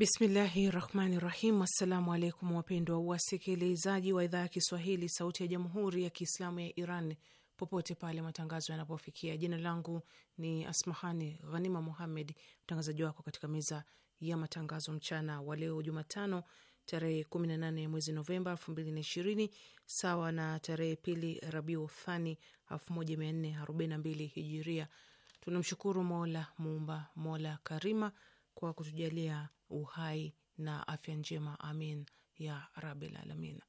Bismillahi rahmani rahim. Assalamu alaikum wapendwa wasikilizaji wa idhaa ya Kiswahili sauti ya jamhuri ya Kiislamu ya Iran popote pale matangazo yanapofikia. Jina langu ni Asmahani Ghanima Muhammed, mtangazaji wako katika meza ya matangazo mchana wa leo Jumatano tarehe 18 mwezi Novemba 2020 sawa na tarehe pili Rabiu Thani 1442 Hijiria. Tunamshukuru Mola Muumba, Mola Karima kwa kutujalia uhai na afya njema, amin ya rabil alamin.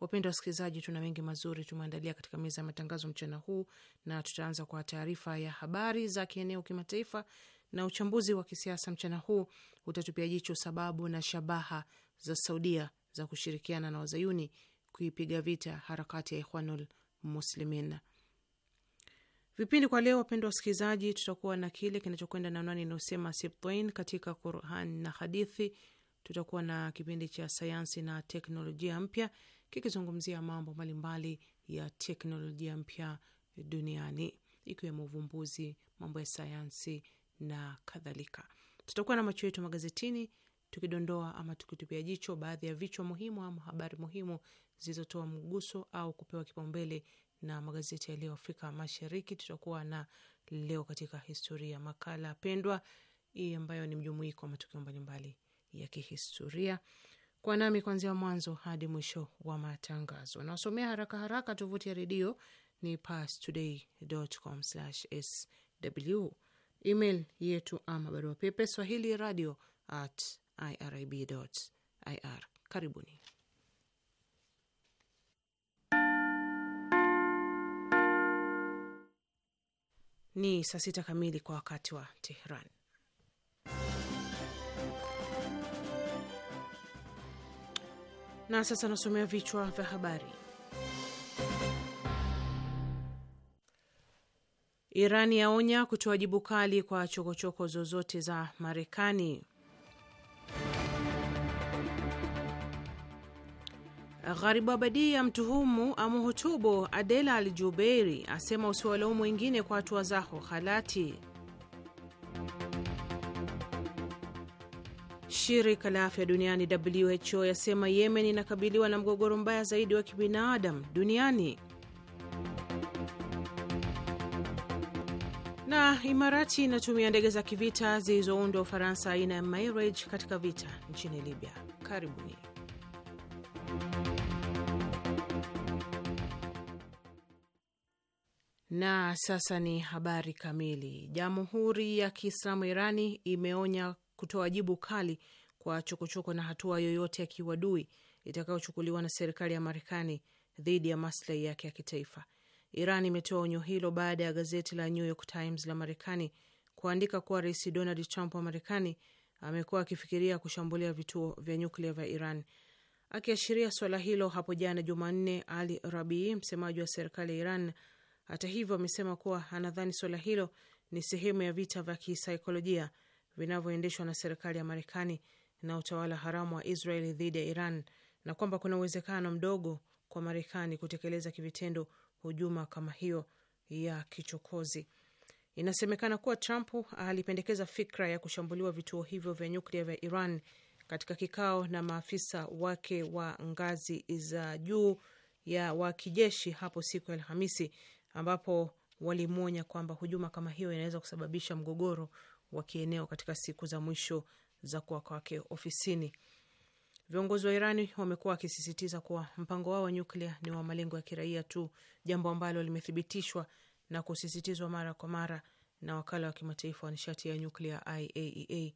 Wapendwa wasikilizaji, tuna mengi mazuri tumeandalia katika meza ya matangazo mchana huu, na tutaanza kwa taarifa ya habari za kieneo, kimataifa na uchambuzi wa kisiasa. Mchana huu utatupia jicho sababu na shabaha za Saudia za kushirikiana na wazayuni kuipiga vita harakati ya Ikhwanul Muslimin. Vipindi kwa leo, wapendwa wasikilizaji, tutakuwa na kile kinachokwenda na anwani inayosema Sibtain katika Quran na Hadithi. Tutakuwa na kipindi cha sayansi na teknolojia mpya kikizungumzia mambo mbalimbali ya teknolojia mpya duniani ikiwemo uvumbuzi, mambo ya sayansi na kadhalika. Tutakuwa na macho yetu magazetini tukidondoa ama tukitupia jicho baadhi ya vichwa muhimu ama habari muhimu zilizotoa mguso au kupewa kipaumbele na magazeti ya leo Afrika Mashariki. Tutakuwa na leo katika historia, makala pendwa hii e, ambayo ni mjumuiko wa matukio mbalimbali ya kihistoria. Kwa nami kuanzia mwanzo hadi mwisho wa matangazo. Nawasomea haraka haraka. Tovuti ya redio ni pastoday.com/sw. Email yetu ama barua pepe swahili radio at irib.ir. Karibuni. Ni saa sita kamili kwa wakati wa Tehran. Na sasa nasomea vichwa vya habari. Iran yaonya kutoa jibu kali kwa chokochoko zozote za Marekani. gharibu Abadi ya mtuhumu amuhutubu Adela Al Jubeiri, asema usiwalaumu wengine kwa hatua zako halati. Shirika la afya duniani WHO yasema Yemen inakabiliwa na mgogoro mbaya zaidi wa kibinadamu duniani. Na Imarati inatumia ndege za kivita zilizoundwa Ufaransa aina ya Mirage katika vita nchini Libya. Karibuni. Na sasa ni habari kamili. Jamhuri ya Kiislamu Irani imeonya kutoa jibu kali kwa chokochoko na hatua yoyote ya kiwadui itakayochukuliwa na serikali ya Marekani dhidi ya maslahi yake ya kitaifa. Iran imetoa onyo hilo baada ya gazeti la New York Times la Marekani kuandika kuwa Rais Donald Trump wa Marekani amekuwa akifikiria kushambulia vituo vya nyuklia vya Iran. Akiashiria swala hilo hapo jana Jumanne, Ali Rabii, msemaji wa serikali ya Iran, hata hivyo, amesema kuwa anadhani suala hilo ni sehemu ya vita vya kisaikolojia vinavyoendeshwa na serikali ya Marekani na utawala haramu wa Israeli dhidi ya Iran na kwamba kuna uwezekano mdogo kwa Marekani kutekeleza kivitendo hujuma kama hiyo ya kichokozi. Inasemekana kuwa Trump alipendekeza fikra ya kushambuliwa vituo hivyo vya nyuklia vya Iran katika kikao na maafisa wake wa ngazi za juu ya wa kijeshi hapo siku ya Alhamisi ambapo walimwonya kwamba hujuma kama hiyo inaweza kusababisha mgogoro wa kieneo katika siku za mwisho za kuwa kwake ofisini. Viongozi wa Irani wamekuwa wakisisitiza kuwa mpango wao wa nyuklia ni wa malengo ya kiraia tu, jambo ambalo limethibitishwa na kusisitizwa mara kwa mara na wakala wa kimataifa wa nishati ya nyuklia IAEA.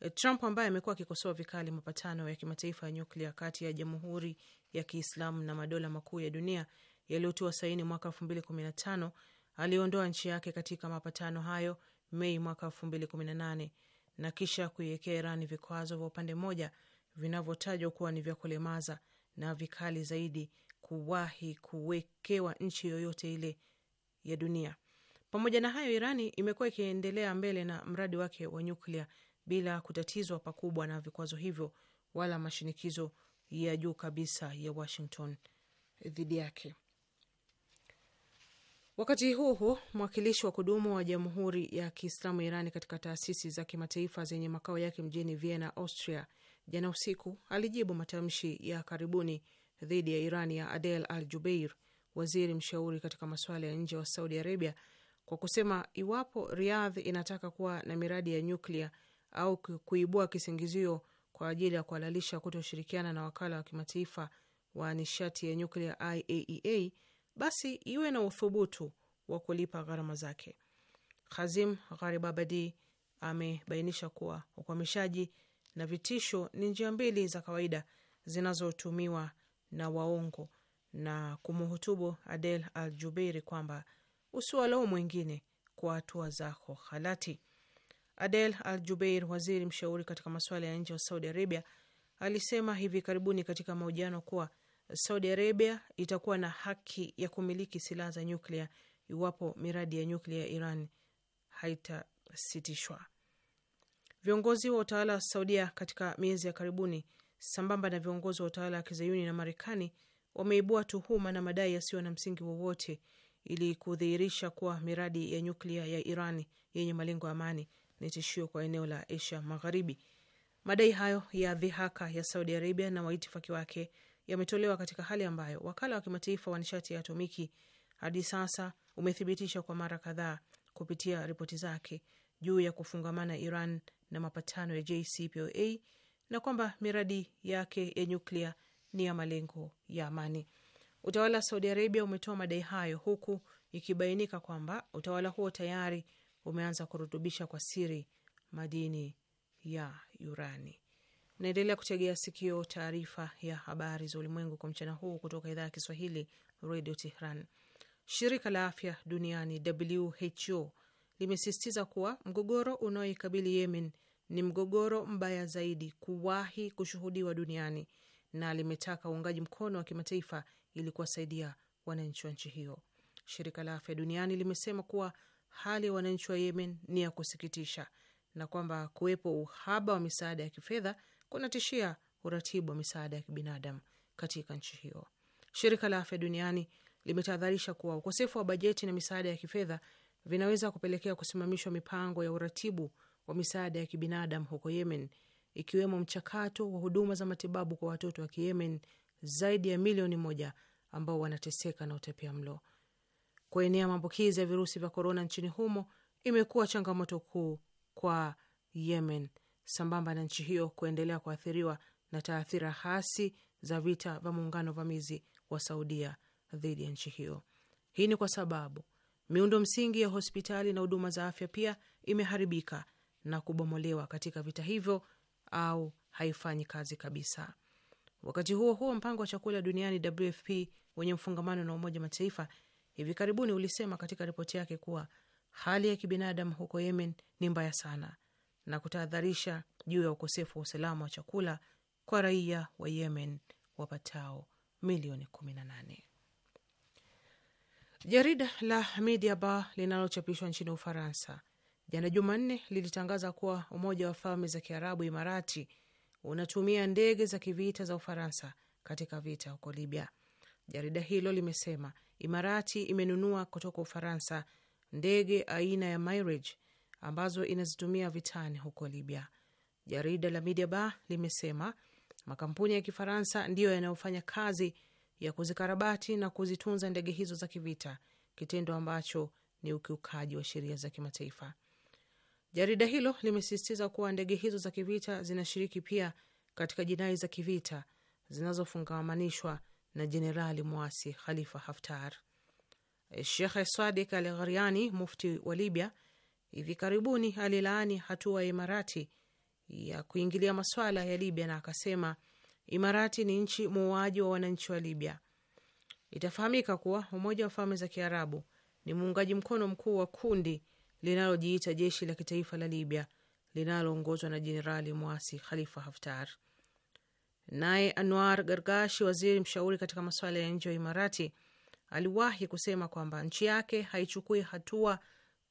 E Trump ambaye amekuwa akikosoa vikali mapatano ya kimataifa ya nyuklia kati ya Jamhuri ya Kiislamu na madola makuu ya dunia yaliyotiwa saini mwaka elfu mbili kumi na tano aliondoa nchi yake katika mapatano hayo Mei mwaka elfu mbili kumi na nane na kisha kuiwekea Irani vikwazo vya upande mmoja vinavyotajwa kuwa ni vya kulemaza na vikali zaidi kuwahi kuwekewa nchi yoyote ile ya dunia. Pamoja na hayo, Irani imekuwa ikiendelea mbele na mradi wake wa nyuklia bila kutatizwa pakubwa na vikwazo hivyo wala mashinikizo ya juu kabisa ya Washington dhidi yake. Wakati huo huo, mwakilishi wa kudumu wa Jamhuri ya Kiislamu Irani katika taasisi za kimataifa zenye makao yake mjini Vienna, Austria, jana usiku alijibu matamshi ya karibuni dhidi ya Irani ya Adel Al Jubeir, waziri mshauri katika masuala ya nje wa Saudi Arabia, kwa kusema iwapo riadh inataka kuwa na miradi ya nyuklia au kuibua kisingizio kwa ajili ya kuhalalisha kutoshirikiana na wakala wa kimataifa wa nishati ya nyuklia IAEA e basi iwe na uthubutu wa kulipa gharama zake. Khazim Gharibabadi amebainisha kuwa ukwamishaji na vitisho ni njia mbili za kawaida zinazotumiwa na waongo, na kumhutubu Adel Al Jubeiri kwamba usiwalau mwingine kwa hatua zako halati. Adel Al Jubeir, waziri mshauri katika masuala ya nje wa Saudi Arabia, alisema hivi karibuni katika mahojiano kuwa Saudi Arabia itakuwa na haki ya kumiliki silaha za nyuklia iwapo miradi ya nyuklia ya Iran haitasitishwa. Viongozi wa utawala wa Saudia katika miezi ya karibuni, sambamba na viongozi wa utawala wa kizayuni na Marekani, wameibua tuhuma na madai yasiyo na msingi wowote ili kudhihirisha kuwa miradi ya nyuklia ya Iran yenye malengo ya amani ni tishio kwa eneo la Asia Magharibi. Madai hayo ya dhihaka ya Saudi Arabia na waitifaki wake yametolewa katika hali ambayo wakala wa kimataifa wa nishati ya atomiki hadi sasa umethibitisha kwa mara kadhaa kupitia ripoti zake juu ya kufungamana Iran na mapatano ya JCPOA na kwamba miradi yake ya nyuklia ni ya malengo ya amani. Utawala wa Saudi Arabia umetoa madai hayo huku ikibainika kwamba utawala huo tayari umeanza kurutubisha kwa siri madini ya urani. Naendelea kutegea sikio taarifa ya habari za ulimwengu kwa mchana huu kutoka idhaa ya Kiswahili Radio Tehran. Shirika la afya duniani WHO limesisitiza kuwa mgogoro unaoikabili Yemen ni mgogoro mbaya zaidi kuwahi kushuhudiwa duniani na limetaka uungaji mkono wa kimataifa ili kuwasaidia wananchi wa nchi hiyo. Shirika la afya duniani limesema kuwa hali ya wananchi wa Yemen ni ya kusikitisha na kwamba kuwepo uhaba wa misaada ya kifedha kunatishia uratibu wa misaada ya kibinadamu katika nchi hiyo. Shirika la Afya Duniani limetahadharisha kuwa ukosefu wa bajeti na misaada ya kifedha vinaweza kupelekea kusimamishwa mipango ya uratibu wa misaada ya kibinadamu huko Yemen, ikiwemo mchakato wa huduma za matibabu kwa watoto wa Kiyemen zaidi ya milioni moja ambao wanateseka na utapia mlo. Kuenea maambukizi ya virusi vya korona nchini humo imekuwa changamoto kuu kwa Yemen sambamba na nchi hiyo kuendelea kuathiriwa na taathira hasi za vita vya muungano vamizi wa Saudia dhidi ya nchi hiyo. Hii ni kwa sababu miundo msingi ya hospitali na huduma za afya pia imeharibika na kubomolewa katika vita hivyo au haifanyi kazi kabisa. Wakati huo huo, mpango wa chakula duniani WFP wenye mfungamano na Umoja Mataifa hivi karibuni ulisema katika ripoti yake kuwa hali ya kibinadamu huko Yemen ni mbaya sana na kutahadharisha juu ya ukosefu wa usalama wa chakula kwa raia wa Yemen wapatao milioni 18. Jarida la Media Ba linalochapishwa nchini Ufaransa jana Jumanne lilitangaza kuwa Umoja wa Falme za Kiarabu, Imarati, unatumia ndege za kivita za Ufaransa katika vita huko Libya. Jarida hilo limesema Imarati imenunua kutoka Ufaransa ndege aina ya Mirage ambazo inazitumia vitani huko Libya. Jarida la Media ba limesema makampuni ya Kifaransa ndiyo yanayofanya kazi ya kuzikarabati na kuzitunza ndege hizo za kivita, kitendo ambacho ni ukiukaji wa sheria za kimataifa. Jarida hilo limesisitiza kuwa ndege hizo za kivita zinashiriki pia katika jinai za kivita zinazofungamanishwa na jenerali mwasi Khalifa Haftar. Shekhe Sadik Al Ghariani, mufti wa Libya, hivi karibuni alilaani hatua ya Imarati ya kuingilia maswala ya Libya na akasema Imarati ni nchi muuaji wa wananchi wa Libya. Itafahamika kuwa Umoja wa Falme za Kiarabu ni muungaji mkono mkuu wa kundi linalojiita jeshi la kitaifa la Libya linaloongozwa na jenerali mwasi Khalifa Haftar. Naye Anwar Gargashi, waziri mshauri katika masuala ya nje wa Imarati, aliwahi kusema kwamba nchi yake haichukui hatua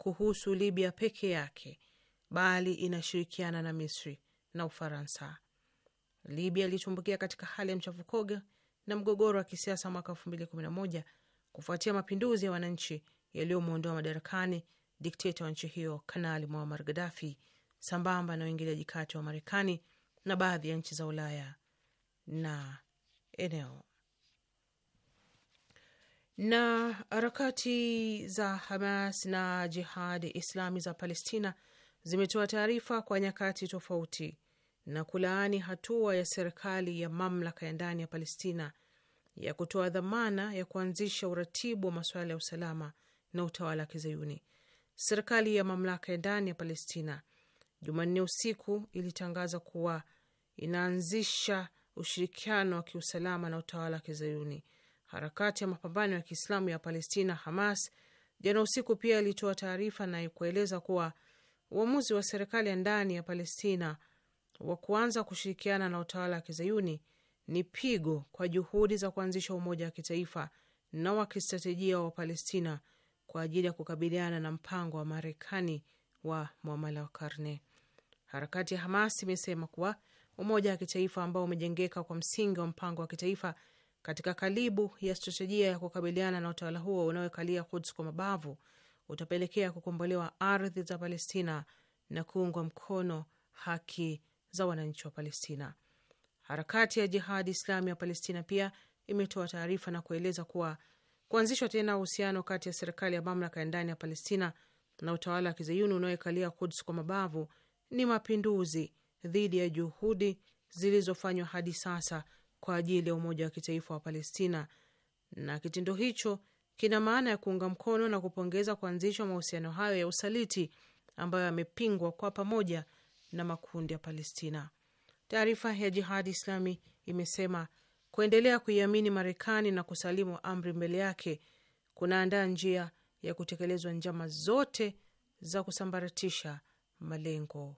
kuhusu Libya peke yake, bali inashirikiana na Misri na Ufaransa. Libya ilitumbukia katika hali ya mchafukoga na mgogoro wa kisiasa mwaka elfu mbili kumi na moja kufuatia mapinduzi ya wananchi yaliyomwondoa madarakani dikteta wa nchi hiyo Kanali Muammar Gaddafi, sambamba na uingiliaji kati wa Marekani na baadhi ya nchi za Ulaya na eneo na harakati za Hamas na Jihadi Islami za Palestina zimetoa taarifa kwa nyakati tofauti na kulaani hatua ya serikali ya mamlaka ya ndani ya Palestina ya kutoa dhamana ya kuanzisha uratibu wa masuala ya usalama na utawala wa Kizayuni. Serikali ya mamlaka ya ndani ya Palestina Jumanne usiku ilitangaza kuwa inaanzisha ushirikiano wa kiusalama na utawala wa Kizayuni harakati ya mapambano ya Kiislamu ya Palestina, Hamas, jana usiku pia ilitoa taarifa na kueleza kuwa uamuzi wa serikali ya ndani ya Palestina wa kuanza kushirikiana na utawala wa kizayuni ni pigo kwa juhudi za kuanzisha umoja wa kitaifa na wa kistratejia wa Palestina kwa ajili ya kukabiliana na mpango wa Marekani wa mwamala wa karne. Harakati ya Hamas imesema kuwa umoja wa kitaifa ambao umejengeka kwa msingi wa mpango wa kitaifa katika kalibu ya stratejia ya kukabiliana na utawala huo unaoekalia Kuds kwa mabavu utapelekea kukombolewa ardhi za Palestina na kuungwa mkono haki za wananchi wa Palestina. Harakati ya Jihadi Islami ya Palestina pia imetoa taarifa na kueleza kuwa kuanzishwa tena uhusiano kati ya serikali ya mamlaka ya ndani ya Palestina na utawala wa kizayuni unaoekalia Kuds kwa mabavu ni mapinduzi dhidi ya juhudi zilizofanywa hadi sasa kwa ajili ya umoja wa kitaifa wa Palestina, na kitendo hicho kina maana ya kuunga mkono na kupongeza kuanzishwa mahusiano hayo ya usaliti ambayo yamepingwa kwa pamoja na makundi ya Palestina. Taarifa ya Jihadi Islami imesema kuendelea kuiamini Marekani na kusalimu amri mbele yake kunaandaa njia ya kutekelezwa njama zote za kusambaratisha malengo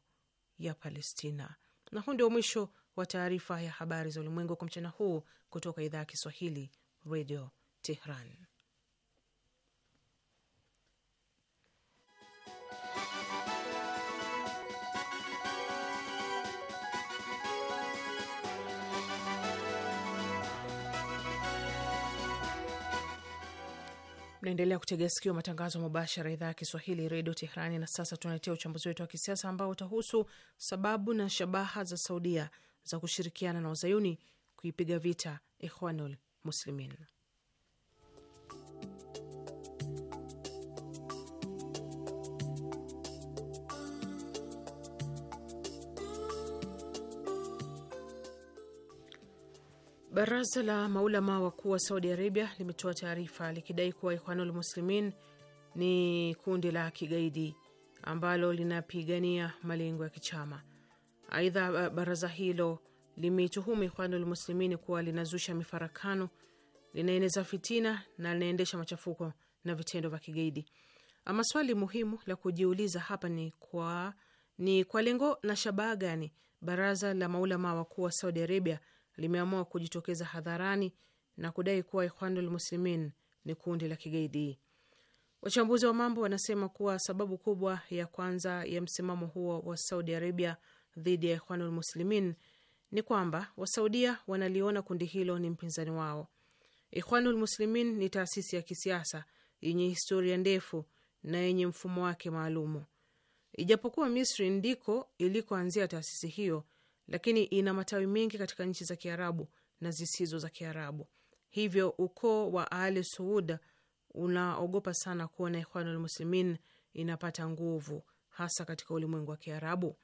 ya Palestina. Na huu ndio mwisho wa taarifa ya habari za ulimwengu kwa mchana huu kutoka idhaa ya Kiswahili Radio Tehran. Naendelea kutegea sikio matangazo mubashara idhaa ya Kiswahili redio Teherani. Na sasa tunaletea uchambuzi wetu wa kisiasa ambao utahusu sababu na shabaha za Saudia za kushirikiana na wazayuni kuipiga vita Ikhwanul Muslimin. Baraza la maulama wakuu wa Saudi Arabia limetoa taarifa likidai kuwa Ikhwanul Muslimin ni kundi la kigaidi ambalo linapigania malengo ya kichama. Aidha, baraza hilo limeituhumu Ikhwanul Muslimin kuwa linazusha mifarakano, linaeneza fitina na linaendesha machafuko na vitendo vya kigaidi. Ama swali muhimu la kujiuliza hapa ni kwa, ni kwa lengo na shabaha gani baraza la maulama wakuu wa Saudi Arabia limeamua kujitokeza hadharani na kudai kuwa Ikhwanul Muslimin ni kundi la kigaidi. Wachambuzi wa mambo wanasema kuwa sababu kubwa ya kwanza ya msimamo huo wa Saudi Arabia dhidi ya Ikhwanul Muslimin ni kwamba wasaudia wanaliona kundi hilo ni mpinzani wao. Ikhwanul Muslimin ni taasisi ya kisiasa yenye historia ndefu na yenye mfumo wake maalumu. Ijapokuwa Misri ndiko ilikoanzia taasisi hiyo, lakini ina matawi mengi katika nchi za Kiarabu na zisizo za Kiarabu. Hivyo ukoo wa ali suud unaogopa sana kuona Ikhwanul Muslimin inapata nguvu hasa katika ulimwengu wa Kiarabu.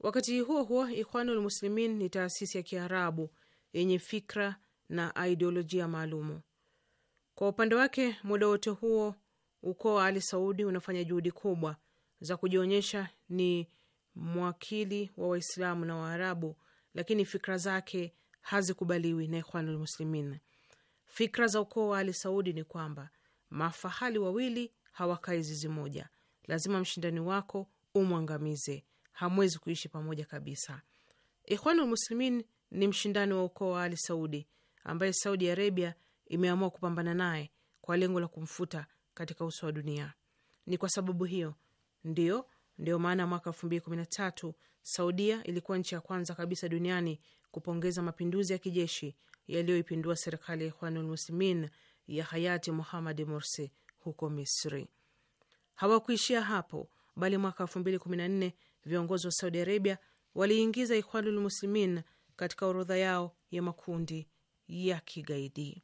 Wakati huo huo, Ikhwanul Muslimin ni taasisi ya Kiarabu yenye fikra na ideolojia maalumu. Kwa upande wake, muda wote huo ukoo wa Ali Saudi unafanya juhudi kubwa za kujionyesha ni mwakili wa Waislamu na Waarabu, lakini fikra zake hazikubaliwi na Ikhwanul Muslimin. Fikra za ukoo wa Ali Saudi ni kwamba mafahali wawili hawakai zizi moja, lazima mshindani wako umwangamize hamwezi kuishi pamoja kabisa. Ikhwanul Muslimin ni mshindani wa ukoo wa Ali Saudi ambaye Saudi Arabia imeamua kupambana naye kwa lengo la kumfuta katika uso wa dunia. Ni kwa sababu hiyo ndio ndio maana mwaka elfu mbili kumi na tatu Saudia ilikuwa nchi ya kwanza kabisa duniani kupongeza mapinduzi ya kijeshi yaliyoipindua serikali ya Ikhwanul Muslimin ya hayati Muhammad Morsi huko Misri. Hawakuishia hapo, bali mwaka elfu mbili kumi na nne viongozi wa Saudi Arabia waliingiza Ikhwanul Muslimin katika orodha yao ya makundi ya kigaidi.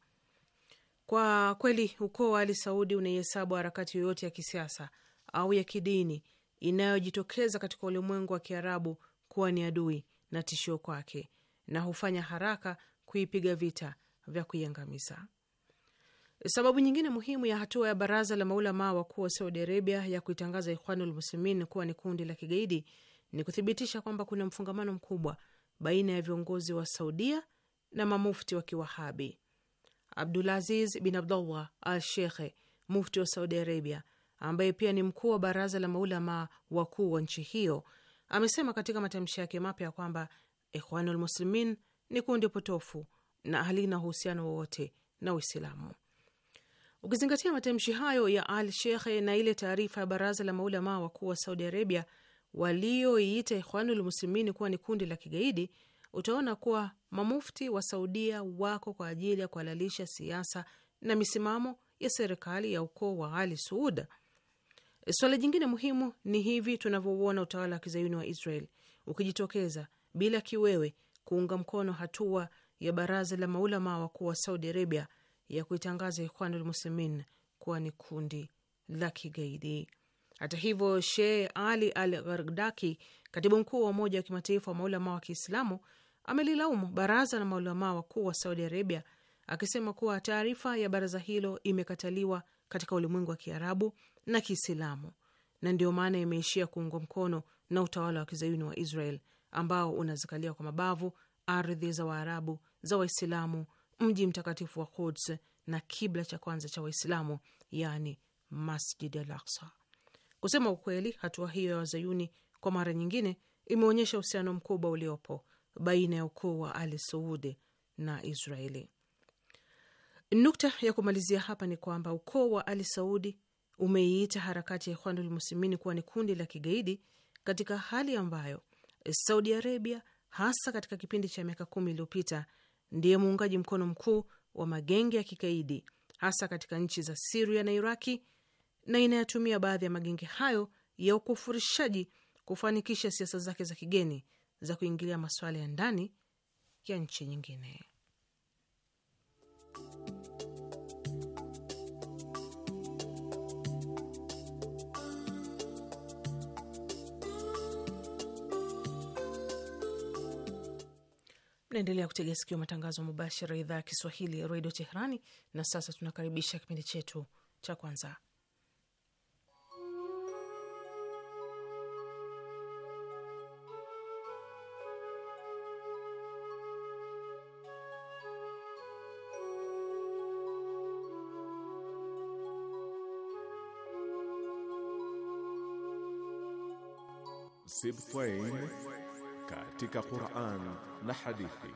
Kwa kweli, ukoo wa Ali Saudi unaihesabu harakati yoyote ya kisiasa au ya kidini inayojitokeza katika ulimwengu wa Kiarabu kuwa ni adui na tishio kwake, na hufanya haraka kuipiga vita vya kuiangamiza. Sababu nyingine muhimu ya hatua ya baraza la maulamaa wakuu wa Saudi Arabia ya kuitangaza Ikhwanul Muslimin kuwa ni kundi la kigaidi ni kuthibitisha kwamba kuna mfungamano mkubwa baina ya viongozi wa Saudia na mamufti wa Kiwahabi. Abdulaziz bin Abdullah al Shekhe, mufti wa Saudi Arabia, ambaye pia ni mkuu wa baraza la maulamaa wakuu wa nchi hiyo, amesema katika matamshi yake mapya ya kwamba Ikhwanul Muslimin ni kundi potofu na halina uhusiano wowote na Uislamu. Ukizingatia matamshi hayo ya Al Shekhe na ile taarifa ya baraza la maulamaa wakuu wa Saudi Arabia walioiita Ikhwanul Muslimini kuwa ni kundi la kigaidi, utaona kuwa mamufti wa Saudia wako kwa ajili ya kuhalalisha siasa na misimamo ya serikali ya ukoo wa Ali Suud. Swala jingine muhimu ni hivi tunavyouona utawala wa kizayuni wa Israel ukijitokeza bila kiwewe kuunga mkono hatua ya baraza la maulamaa wakuu wa Saudi Arabia ya kuitangaza Ikhwanul Muslimin kuwa ni kundi la kigaidi. Hata hivyo, Sheikh Ali Al ghardaki katibu mkuu wa Umoja wa Kimataifa wa Maulamaa wa Kiislamu, amelilaumu baraza la maulama wakuu wa Saudi Arabia akisema kuwa taarifa ya baraza hilo imekataliwa katika ulimwengu wa Kiarabu na Kiislamu na ndiyo maana imeishia kuungwa mkono na utawala wa kizayuni wa Israel ambao unazikalia kwa mabavu ardhi za Waarabu za Waislamu mji mtakatifu wa Quds na kibla cha kwanza cha Waislamu, yani Masjid al Aksa. Kusema ukweli, hatua hiyo ya wazayuni kwa mara nyingine imeonyesha uhusiano mkubwa uliopo baina ya ukoo wa Al Saudi na Israeli. Nukta ya kumalizia hapa ni kwamba ukoo wa Ali Saudi umeiita harakati ya Ikhwanul Muslimin kuwa ni kundi la kigaidi katika hali ambayo Saudi Arabia, hasa katika kipindi cha miaka kumi iliyopita, ndiye muungaji mkono mkuu wa magenge ya kikaidi hasa katika nchi za Siria na Iraki, na inayatumia baadhi ya magenge hayo ya ukufurishaji kufanikisha siasa zake za kigeni za kuingilia masuala ya ndani ya nchi nyingine. Mnaendelea kutega sikio matangazo mubashara ya idhaa ya Kiswahili ya redio Teherani. Na sasa tunakaribisha kipindi chetu cha kwanza, Sibtain katika Qur'an na hadithi.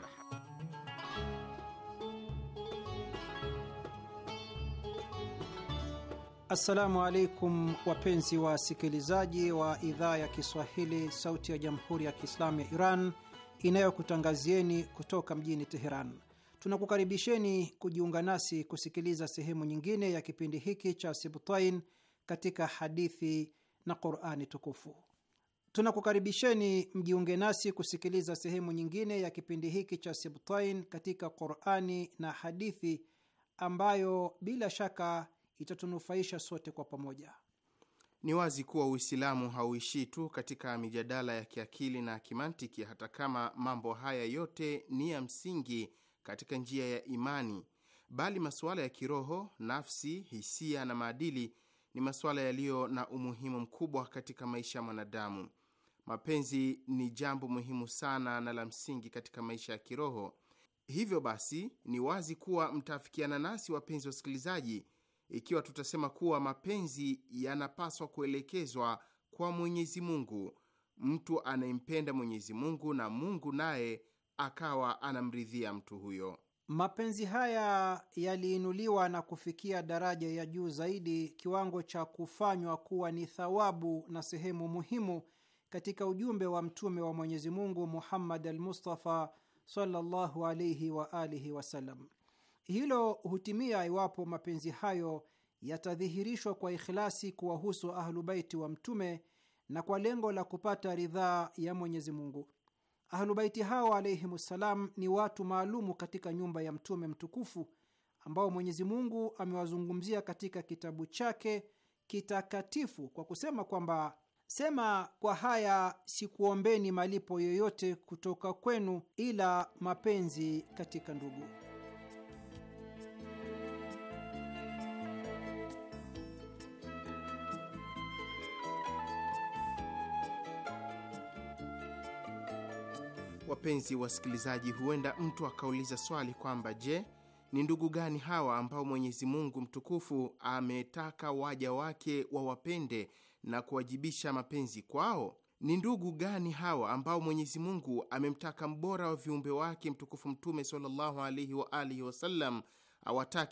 Assalamu alaikum wapenzi wa sikilizaji wa idhaa ya Kiswahili sauti ya Jamhuri ya Kiislamu ya Iran inayokutangazieni kutoka mjini Teheran. Tunakukaribisheni kujiunga nasi kusikiliza sehemu nyingine ya kipindi hiki cha Sibtain katika hadithi na Qur'ani tukufu. Tunakukaribisheni mjiunge nasi kusikiliza sehemu nyingine ya kipindi hiki cha Sibtain katika Qurani na hadithi ambayo bila shaka itatunufaisha sote kwa pamoja. Ni wazi kuwa Uislamu hauishii tu katika mijadala ya kiakili na kimantiki, hata kama mambo haya yote ni ya msingi katika njia ya imani, bali masuala ya kiroho, nafsi, hisia na maadili ni masuala yaliyo na umuhimu mkubwa katika maisha ya mwanadamu. Mapenzi ni jambo muhimu sana na la msingi katika maisha ya kiroho. Hivyo basi, ni wazi kuwa mtaafikiana nasi, wapenzi wasikilizaji, ikiwa tutasema kuwa mapenzi yanapaswa kuelekezwa kwa Mwenyezi Mungu, mtu anayempenda Mwenyezi Mungu na Mungu naye akawa anamridhia mtu huyo. Mapenzi haya yaliinuliwa na kufikia daraja ya juu zaidi, kiwango cha kufanywa kuwa ni thawabu na sehemu muhimu katika ujumbe wa mtume wa Mwenyezi Mungu Muhammad al-Mustafa sallallahu alaihi wa alihi wasallam. Hilo hutimia iwapo mapenzi hayo yatadhihirishwa kwa ikhlasi kuwahusu ahlubaiti wa mtume na kwa lengo la kupata ridhaa ya Mwenyezi Mungu. Ahlubaiti hao ssalam ni watu maalumu katika nyumba ya mtume mtukufu ambao Mwenyezi Mungu amewazungumzia katika kitabu chake kitakatifu kwa kusema kwamba Sema, kwa haya sikuombeni malipo yoyote kutoka kwenu ila mapenzi katika ndugu. Wapenzi wasikilizaji, huenda mtu akauliza swali kwamba je, ni ndugu gani hawa ambao Mwenyezi Mungu mtukufu ametaka waja wake wawapende na kuwajibisha mapenzi kwao? Ni ndugu gani hawa ambao Mwenyezi Mungu amemtaka mbora wa viumbe wake mtukufu Mtume sallallahu alaihi wa alihi wasallam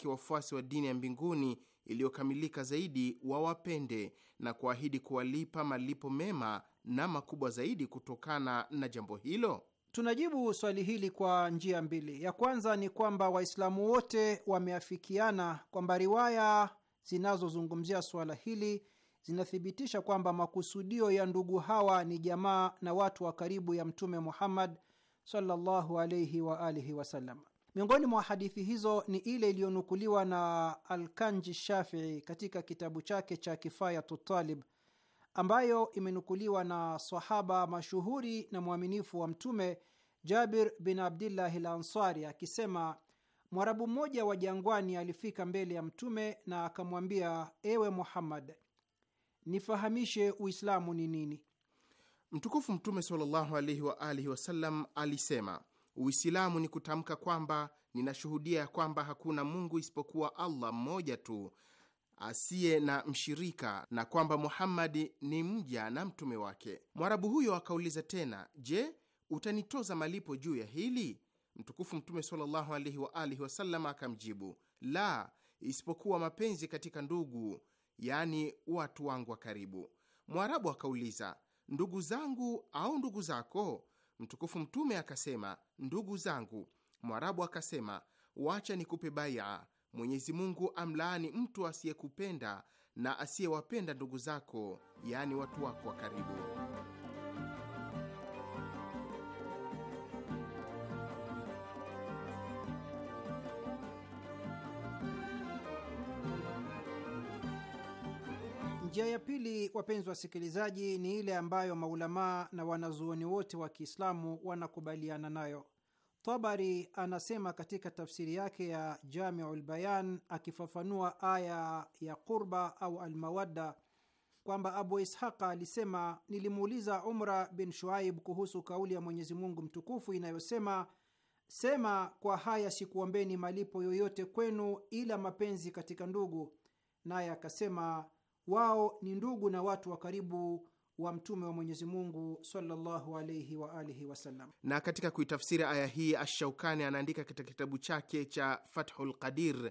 wafuasi wa dini ya mbinguni iliyokamilika zaidi wawapende na kuahidi kuwalipa malipo mema na makubwa zaidi kutokana na jambo hilo? Tunajibu swali hili kwa njia mbili. Ya kwanza ni kwamba Waislamu wote wameafikiana kwamba riwaya zinazozungumzia suala hili zinathibitisha kwamba makusudio ya ndugu hawa ni jamaa na watu wa karibu ya Mtume Muhammad sallallahu alayhi wa alihi wasallam. Miongoni mwa hadithi hizo ni ile iliyonukuliwa na Alkanji Shafii katika kitabu chake cha Kifayatu Talib, ambayo imenukuliwa na sahaba mashuhuri na mwaminifu wa Mtume Jabir bin Abdillahi Lansari akisema Mwarabu mmoja wa jangwani alifika mbele ya Mtume na akamwambia, ewe Muhammad, nifahamishe Uislamu ni nini? Mtukufu Mtume sallallahu alaihi wa alihi wasallam alisema, Uislamu ni kutamka kwamba ninashuhudia ya kwamba hakuna Mungu isipokuwa Allah mmoja tu asiye na mshirika na kwamba Muhammadi ni mja na mtume wake. Mwarabu huyo akauliza tena, je, utanitoza malipo juu ya hili? Mtukufu Mtume sallallahu alaihi wa alihi wasallam akamjibu, la, isipokuwa mapenzi katika ndugu yaani watu wangu wa karibu. Mwarabu akauliza, ndugu zangu au ndugu zako? Mtukufu Mtume akasema, ndugu zangu. Mwarabu akasema, wacha nikupe baia, Mwenyezi Mungu amlaani mtu asiyekupenda na asiyewapenda ndugu zako, yaani watu wako wa karibu. Njia ya pili, wapenzi wasikilizaji, ni ile ambayo maulamaa na wanazuoni wote wa Kiislamu wanakubaliana nayo. Tabari anasema katika tafsiri yake ya Jamiu lBayan akifafanua aya ya qurba au almawadda kwamba Abu Ishaqa alisema, nilimuuliza Umra bin Shuaib kuhusu kauli ya Mwenyezi Mungu mtukufu inayosema, sema kwa haya sikuombeni malipo yoyote kwenu ila mapenzi katika ndugu, naye akasema wao ni ndugu na watu wa karibu wa mtume wa Mwenyezi Mungu sallallahu alayhi wa alihi wasallam. Na katika kuitafsiri aya hii, Ashaukani anaandika katika kitabu chake cha Fathul Qadir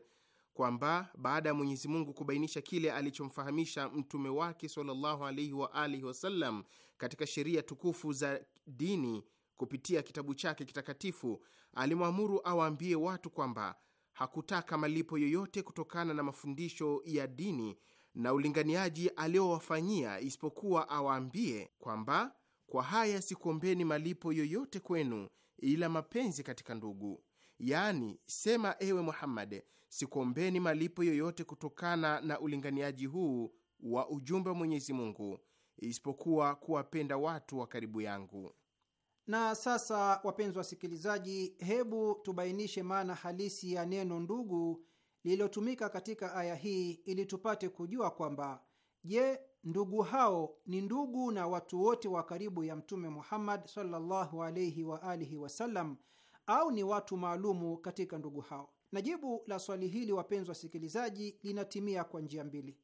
kwamba baada ya Mwenyezi Mungu kubainisha kile alichomfahamisha mtume wake sallallahu alayhi wa alihi wasallam katika sheria tukufu za dini kupitia kitabu chake kitakatifu, alimwamuru awaambie watu kwamba hakutaka malipo yoyote kutokana na mafundisho ya dini na ulinganiaji aliowafanyia, isipokuwa awaambie kwamba kwa haya sikuombeni malipo yoyote kwenu ila mapenzi katika ndugu. Yaani, sema ewe Muhammad, sikuombeni malipo yoyote kutokana na ulinganiaji huu wa ujumbe wa Mwenyezi Mungu isipokuwa kuwapenda watu wa karibu yangu. Na sasa, wapenzi wasikilizaji, hebu tubainishe maana halisi ya neno ndugu lililotumika katika aya hii ili tupate kujua kwamba je, ndugu hao ni ndugu na watu wote wa karibu ya Mtume Muhammad sallallahu alaihi wa alihi wasallam au ni watu maalumu katika ndugu hao? Na jibu la swali hili, wapenzi wasikilizaji, linatimia kwa njia mbili.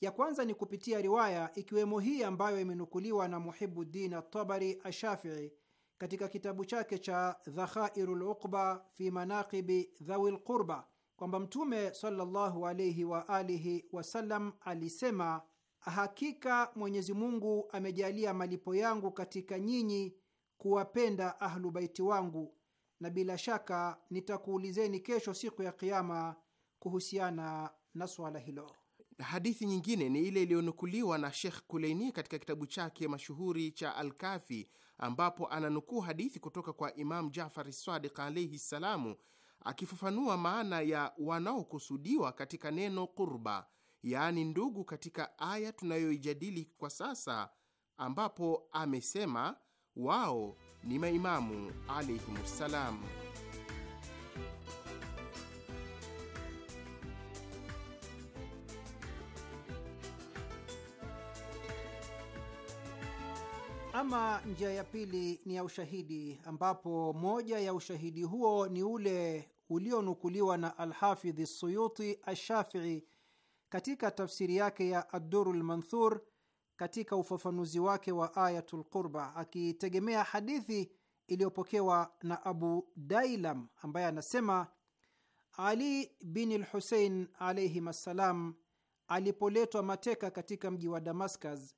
Ya kwanza ni kupitia riwaya ikiwemo hii ambayo imenukuliwa na Muhibuddin Atabari Ashafii katika kitabu chake cha Dhakhairu luqba fi Manaqibi Dhawi Lqurba kwamba Mtume sallallahu alaihi wa alihi wasallam alisema, hakika Mwenyezi Mungu amejalia malipo yangu katika nyinyi kuwapenda Ahlu Baiti wangu, na bila shaka nitakuulizeni kesho siku ya Kiama kuhusiana na swala hilo. Hadithi nyingine ni ile iliyonukuliwa na Shekh Kuleini katika kitabu chake mashuhuri cha Alkafi, ambapo ananukuu hadithi kutoka kwa Imam Jafari Sadiq alaihi ssalamu akifafanua maana ya wanaokusudiwa katika neno kurba, yaani ndugu, katika aya tunayoijadili kwa sasa, ambapo amesema wao ni maimamu alaihimussalamu. Ama njia ya pili ni ya ushahidi, ambapo moja ya ushahidi huo ni ule ulionukuliwa na Alhafidhi Suyuti Ashafii katika tafsiri yake ya Adduru Manthur katika ufafanuzi wake wa Ayatul Qurba akitegemea hadithi iliyopokewa na Abu Dailam ambaye anasema Ali bin lhusein alaihim assalam alipoletwa mateka katika mji wa Damascus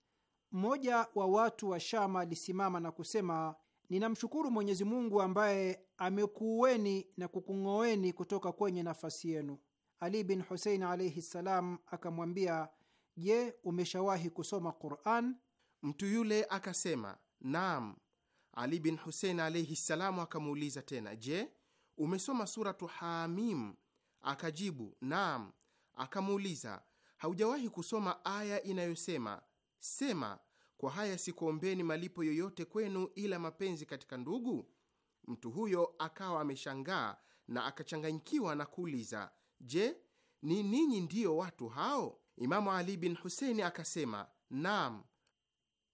mmoja wa watu wa Shama alisimama na kusema, ninamshukuru Mwenyezi Mungu ambaye amekuueni na kukung'oeni kutoka kwenye nafasi yenu. Ali bin Husein alaihi ssalam akamwambia, je, umeshawahi kusoma Quran? Mtu yule akasema naam. Ali bin Husein alaihi ssalamu akamuuliza tena, je, umesoma Suratu Hamim? Akajibu naam. Akamuuliza, haujawahi kusoma aya inayosema Sema, kwa haya sikuombeni malipo yoyote kwenu ila mapenzi katika ndugu. Mtu huyo akawa ameshangaa na akachanganyikiwa na kuuliza, je, ni ninyi ndiyo watu hao? Imamu Ali bin Huseini akasema, nam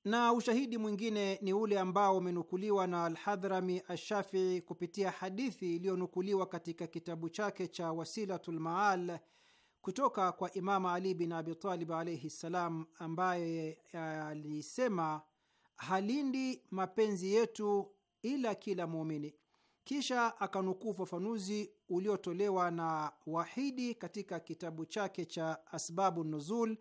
Na ushahidi mwingine ni ule ambao umenukuliwa na Alhadhrami Ashafii kupitia hadithi iliyonukuliwa katika kitabu chake cha wasilatulmaal kutoka kwa Imama Ali bin Abi Talib alaihi ssalam, ambaye eh, alisema halindi mapenzi yetu ila kila muumini. Kisha akanukuu ufafanuzi uliotolewa na Wahidi katika kitabu chake cha Asbabu Nuzul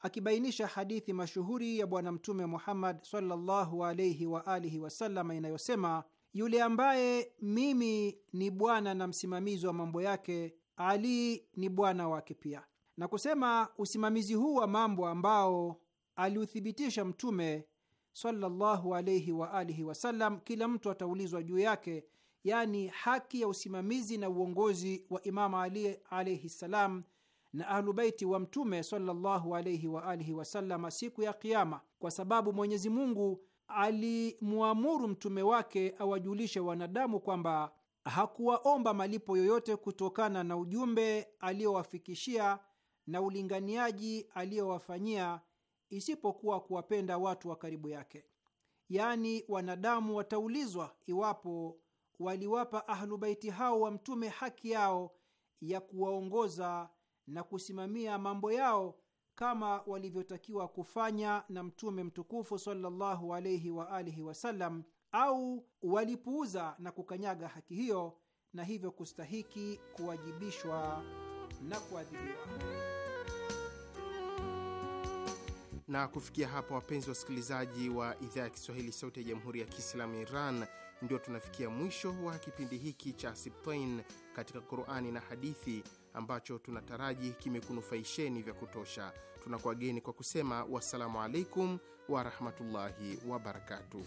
akibainisha hadithi mashuhuri ya Bwana Mtume Muhammad sallallahu alaihi wa alihi wasallam inayosema, yule ambaye mimi ni bwana na msimamizi wa mambo yake ali ni bwana wake pia, na kusema usimamizi huu wa mambo ambao aliuthibitisha Mtume sallallahu alayhi wa alihi wasallam, kila mtu ataulizwa juu yake, yaani haki ya usimamizi na uongozi wa Imamu Ali alaihi ssalam na Ahlubeiti wa Mtume sallallahu alayhi wa alihi wasallam siku ya Kiama, kwa sababu Mwenyezi Mungu alimwamuru mtume wake awajulishe wanadamu kwamba hakuwaomba malipo yoyote kutokana na ujumbe aliowafikishia na ulinganiaji aliyowafanyia isipokuwa kuwapenda watu wa karibu yake. Yaani, wanadamu wataulizwa iwapo waliwapa ahlubaiti hao wa Mtume haki yao ya kuwaongoza na kusimamia mambo yao kama walivyotakiwa kufanya na Mtume mtukufu sallallahu alaihi waalihi wasallam au walipuuza na kukanyaga haki hiyo na hivyo kustahiki kuwajibishwa na kuadhibiwa. Na kufikia hapa, wapenzi wasikilizaji wa idhaa ya Kiswahili, Sauti ya Jamhuri ya Kiislamu Iran, ndio tunafikia mwisho wa kipindi hiki cha Sibtain katika Qurani na Hadithi, ambacho tunataraji kimekunufaisheni vya kutosha. Tunakuwageni kwa kusema wassalamu alaikum warahmatullahi wabarakatuh.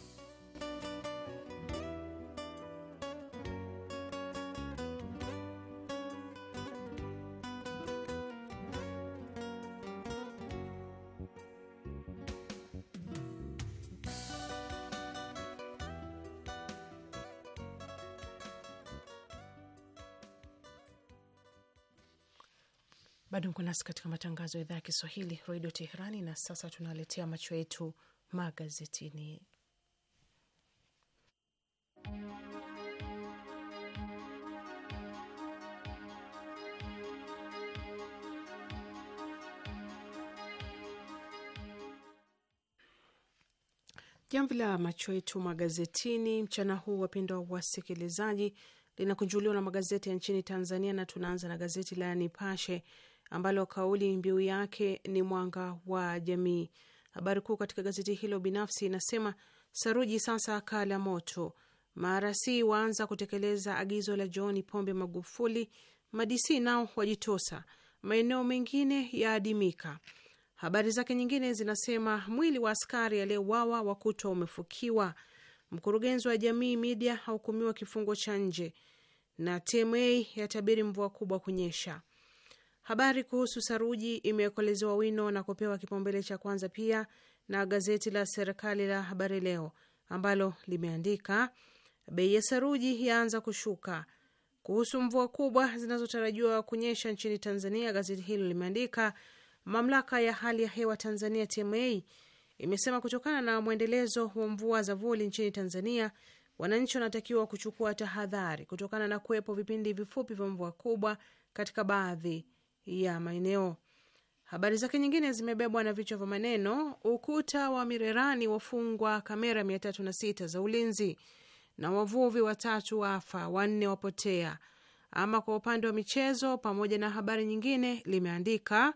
nasi katika matangazo ya idhaa ya Kiswahili redio Teherani. Na sasa tunaletea macho yetu magazetini. Jamvi la macho yetu magazetini mchana huu, wapendwa wasikilizaji, linakunjuliwa na magazeti ya nchini Tanzania, na tunaanza na gazeti la Nipashe ambalo kauli mbiu yake ni mwanga wa jamii. Habari kuu katika gazeti hilo binafsi inasema saruji sasa kaa la moto, marasi waanza kutekeleza agizo la John Pombe Magufuli, madc nao wajitosa, maeneo mengine yaadimika. Habari zake nyingine zinasema mwili wa askari aliyeuawa wakutwa umefukiwa, mkurugenzi wa Jamii Media hahukumiwa kifungo cha nje, na TMA yatabiri mvua kubwa kunyesha. Habari kuhusu saruji imekolezewa wino na kupewa kipaumbele cha kwanza pia na gazeti la serikali la Habari Leo ambalo limeandika bei ya saruji yaanza kushuka. Kuhusu mvua kubwa zinazotarajiwa kunyesha nchini Tanzania, gazeti hilo limeandika mamlaka ya hali ya hewa Tanzania TMA imesema kutokana na mwendelezo wa mvua za vuli nchini Tanzania, wananchi wanatakiwa kuchukua tahadhari kutokana na kuwepo vipindi vifupi vya mvua kubwa katika baadhi ya maeneo. Habari zake nyingine zimebebwa na vichwa vya maneno: ukuta wa Mirerani wafungwa kamera mia tatu na sita za ulinzi, na wavuvi watatu wafa, wanne wapotea. Ama kwa upande wa michezo, pamoja na habari nyingine, limeandika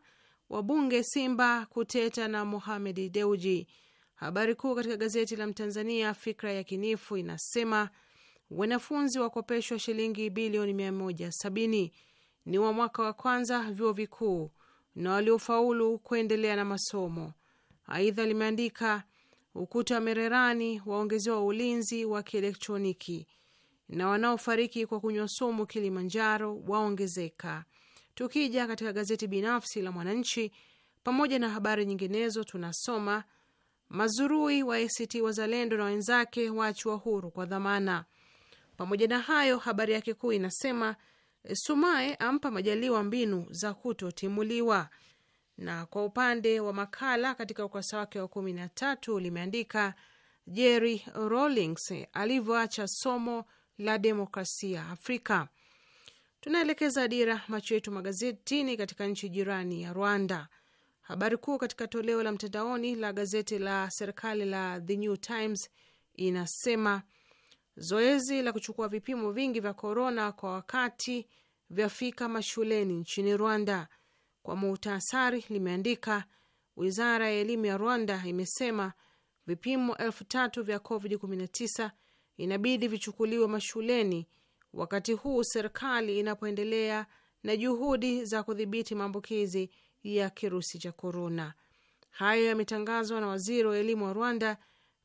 wabunge Simba kuteta na muhamed Deuji. Habari kuu katika gazeti la Mtanzania Fikra ya Kinifu inasema wanafunzi wakopeshwa shilingi bilioni mia moja sabini ni wa mwaka wa kwanza vyuo vikuu na waliofaulu kuendelea na masomo. Aidha limeandika ukuta wa Mererani waongezewa ulinzi wa kielektroniki na wanaofariki kwa kunywa sumu Kilimanjaro waongezeka. Tukija katika gazeti binafsi la Mwananchi pamoja na habari nyinginezo, tunasoma mazurui wa ACT Wazalendo na wenzake waachiwa huru kwa dhamana. Pamoja na hayo, habari yake kuu inasema Eh, Sumae ampa Majaliwa mbinu za kutotimuliwa. Na kwa upande wa makala katika ukurasa wake wa kumi na tatu limeandika Jerry Rawlings eh, alivyoacha somo la demokrasia Afrika. Tunaelekeza dira macho yetu magazetini katika nchi jirani ya Rwanda. Habari kuu katika toleo la mtandaoni la gazeti la serikali la The New Times inasema Zoezi la kuchukua vipimo vingi vya korona kwa wakati vyafika mashuleni nchini Rwanda. Kwa muhtasari, limeandika wizara ya elimu ya Rwanda imesema vipimo elfu tatu vya COVID-19 inabidi vichukuliwe mashuleni wakati huu serikali inapoendelea na juhudi za kudhibiti maambukizi ya kirusi cha korona. Hayo yametangazwa na waziri wa elimu wa Rwanda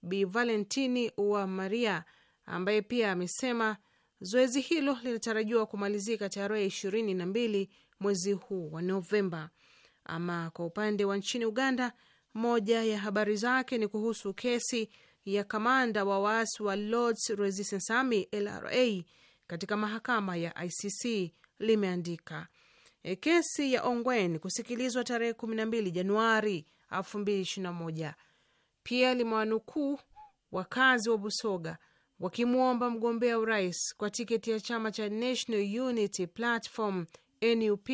Bi Valentini maria ambaye pia amesema zoezi hilo linatarajiwa kumalizika tarehe ishirini na mbili mwezi huu wa Novemba. Ama kwa upande wa nchini Uganda, moja ya habari zake ni kuhusu kesi ya kamanda wa waasi wa Lords Resistance Army LRA katika mahakama ya ICC limeandika e, kesi ya Ongwen kusikilizwa tarehe 12 Januari 2021. Pia limewanukuu wakazi wa Busoga wakimwomba mgombea urais kwa tiketi ya chama cha National Unity Platform NUP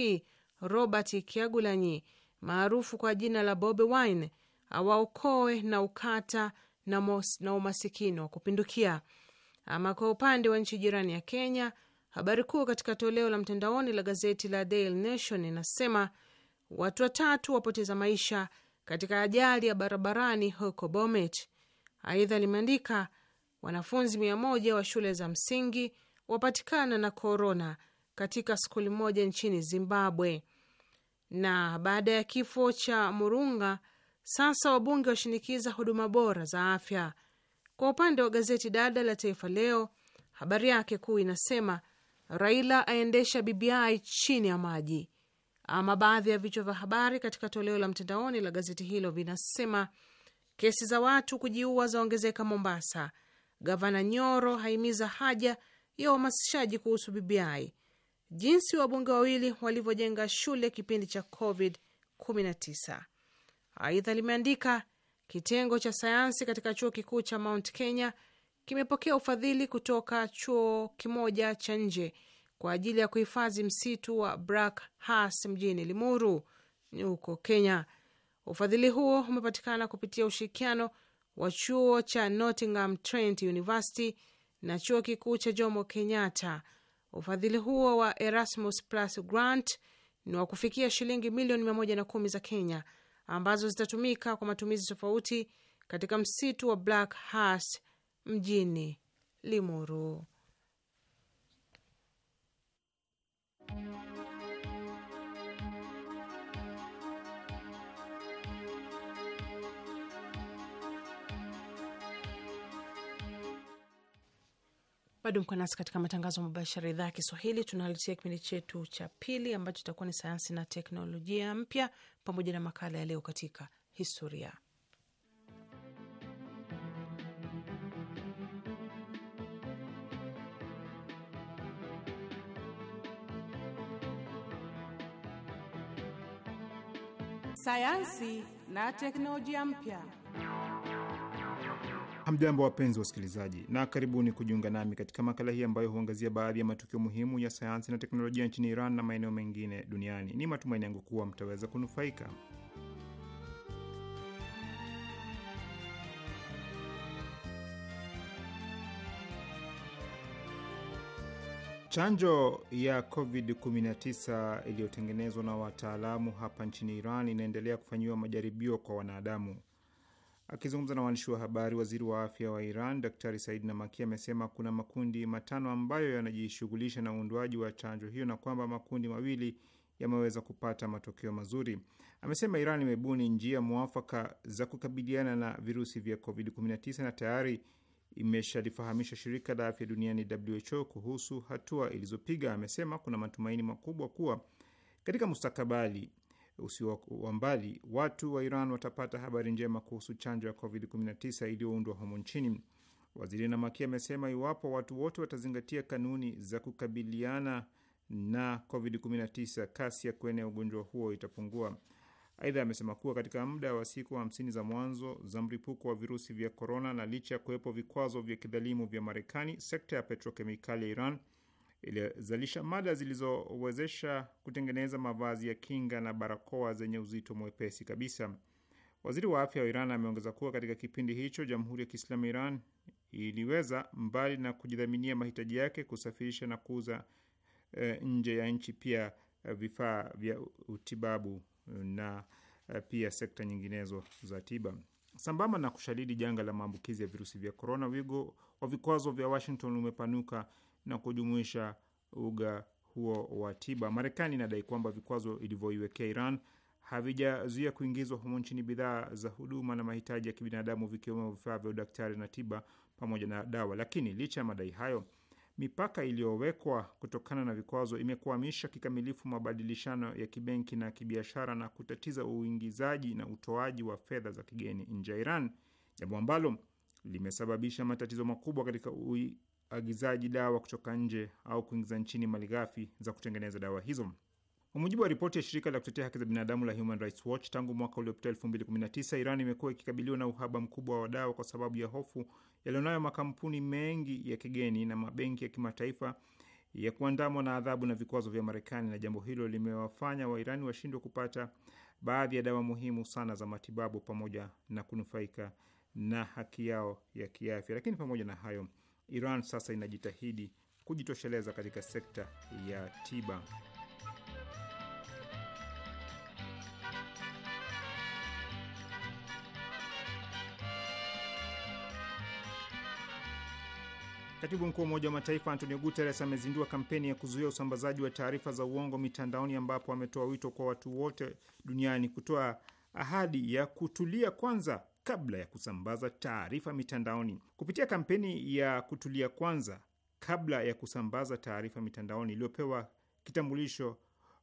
Robert Kyagulanyi maarufu kwa jina la Bobi Wine awaokoe na ukata na, mos, na umasikini wa kupindukia. Ama kwa upande wa nchi jirani ya Kenya, habari kuu katika toleo la mtandaoni la gazeti la Daily Nation inasema watu watatu wapoteza maisha katika ajali ya barabarani huko Bomet. Aidha limeandika wanafunzi mia moja wa shule za msingi wapatikana na korona katika skuli moja nchini Zimbabwe. Na baada ya kifo cha Murunga, sasa wabunge washinikiza huduma bora za afya. Kwa upande wa gazeti dada la Taifa Leo, habari yake kuu inasema Raila aendesha BBI chini ya maji. Ama baadhi ya vichwa vya habari katika toleo la mtandaoni la gazeti hilo vinasema kesi za watu kujiua zaongezeka Mombasa, Gavana Nyoro haimiza haja ya uhamasishaji kuhusu BBI, jinsi wabunge wawili walivyojenga shule kipindi cha Covid 19. Aidha limeandika kitengo cha sayansi katika chuo kikuu cha Mount Kenya kimepokea ufadhili kutoka chuo kimoja cha nje kwa ajili ya kuhifadhi msitu wa Black Hars mjini Limuru huko Kenya. Ufadhili huo umepatikana kupitia ushirikiano wa chuo cha Nottingham Trent University na chuo kikuu cha Jomo Kenyatta. Ufadhili huo wa Erasmus Plus Grant ni wa kufikia shilingi milioni mia moja na kumi za Kenya ambazo zitatumika kwa matumizi tofauti katika msitu wa Black Hearst mjini Limuru. Bado mko nasi katika matangazo mubashara idhaa ya Kiswahili. Tunaletia kipindi chetu cha pili ambacho itakuwa ni sayansi na teknolojia mpya, pamoja na makala ya leo katika historia. Sayansi na teknolojia mpya. Hamjambo, wapenzi wa wasikilizaji, na karibuni kujiunga nami katika makala hii ambayo huangazia baadhi ya matukio muhimu ya sayansi na teknolojia nchini Iran na maeneo mengine duniani. Ni matumaini yangu kuwa mtaweza kunufaika. Chanjo ya COVID-19 iliyotengenezwa na wataalamu hapa nchini Iran inaendelea kufanyiwa majaribio kwa wanadamu. Akizungumza na waandishi wa habari, waziri wa afya wa Iran Daktari Said Namaki amesema kuna makundi matano ambayo yanajishughulisha na uundwaji wa chanjo hiyo na kwamba makundi mawili yameweza kupata matokeo mazuri. Amesema Iran imebuni njia mwafaka za kukabiliana na virusi vya COVID-19 na tayari imeshalifahamisha shirika la afya duniani WHO kuhusu hatua ilizopiga. Amesema kuna matumaini makubwa kuwa katika mustakabali usio wa mbali, watu wa Iran watapata habari njema kuhusu chanjo ya COVID-19 iliyoundwa humo nchini. Waziri Namaki amesema iwapo watu wote watazingatia kanuni za kukabiliana na COVID-19, kasi ya kuenea ugonjwa huo itapungua. Aidha, amesema kuwa katika muda wa siku hamsini za mwanzo za mlipuko wa virusi vya korona, na licha ya kuwepo vikwazo vya kidhalimu vya Marekani, sekta ya petrokemikali ya Iran ilizalisha mada zilizowezesha kutengeneza mavazi ya kinga na barakoa zenye uzito mwepesi kabisa. Waziri wa afya wa Iran ameongeza kuwa katika kipindi hicho Jamhuri ya Kiislamu Iran iliweza mbali na kujidhaminia mahitaji yake, kusafirisha na kuuza e, nje ya nchi pia e, vifaa vya utibabu na e, pia sekta nyinginezo za tiba. Sambamba na kushadidi janga la maambukizi ya virusi vya korona, wigo wa vikwazo vya Washington umepanuka na kujumuisha uga huo wa tiba. Marekani inadai kwamba vikwazo ilivyoiwekea Iran havijazuia kuingizwa humo nchini bidhaa za huduma na mahitaji ya kibinadamu vikiwemo vifaa vya udaktari na tiba pamoja na dawa. Lakini licha ya madai hayo, mipaka iliyowekwa kutokana na vikwazo imekwamisha kikamilifu mabadilishano ya kibenki na kibiashara na kutatiza uingizaji na utoaji wa fedha za kigeni nje ya Iran, jambo ambalo limesababisha matatizo makubwa katika uagizaji dawa kutoka nje au kuingiza nchini malighafi za kutengeneza dawa hizo. Kwa mujibu wa ripoti ya shirika la kutetea haki za binadamu la Human Rights Watch, tangu mwaka uliopita 2019 Iran imekuwa ikikabiliwa na uhaba mkubwa wa dawa kwa sababu ya hofu yalionayo makampuni mengi ya kigeni na mabenki ya kimataifa ya kuandamwa na adhabu na vikwazo vya Marekani, na jambo hilo limewafanya Wairani washindwe kupata baadhi ya dawa muhimu sana za matibabu pamoja na kunufaika na haki yao ya kiafya. Lakini pamoja na hayo Iran sasa inajitahidi kujitosheleza katika sekta ya tiba. Katibu mkuu wa Umoja wa Mataifa Antonio Guterres amezindua kampeni ya kuzuia usambazaji wa taarifa za uongo mitandaoni, ambapo ametoa wito kwa watu wote duniani kutoa ahadi ya kutulia kwanza kabla ya kusambaza taarifa mitandaoni. Kupitia kampeni ya kutulia kwanza kabla ya kusambaza taarifa mitandaoni iliyopewa kitambulisho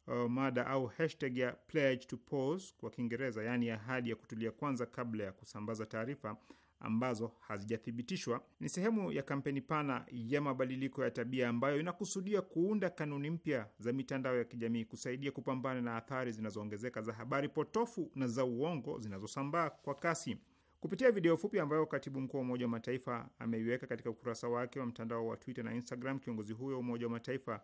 uh, mada au hashtag ya pledge to pause kwa Kiingereza, yaani ahadi ya kutulia kwanza kabla ya kusambaza taarifa ambazo hazijathibitishwa ni sehemu ya kampeni pana ya mabadiliko ya tabia ambayo inakusudia kuunda kanuni mpya za mitandao ya kijamii kusaidia kupambana na athari zinazoongezeka za habari potofu na za uongo zinazosambaa kwa kasi. Kupitia video fupi ambayo katibu mkuu wa Umoja wa Mataifa ameiweka katika ukurasa wake wa mtandao wa Twitter na Instagram, kiongozi huyo wa Umoja wa Mataifa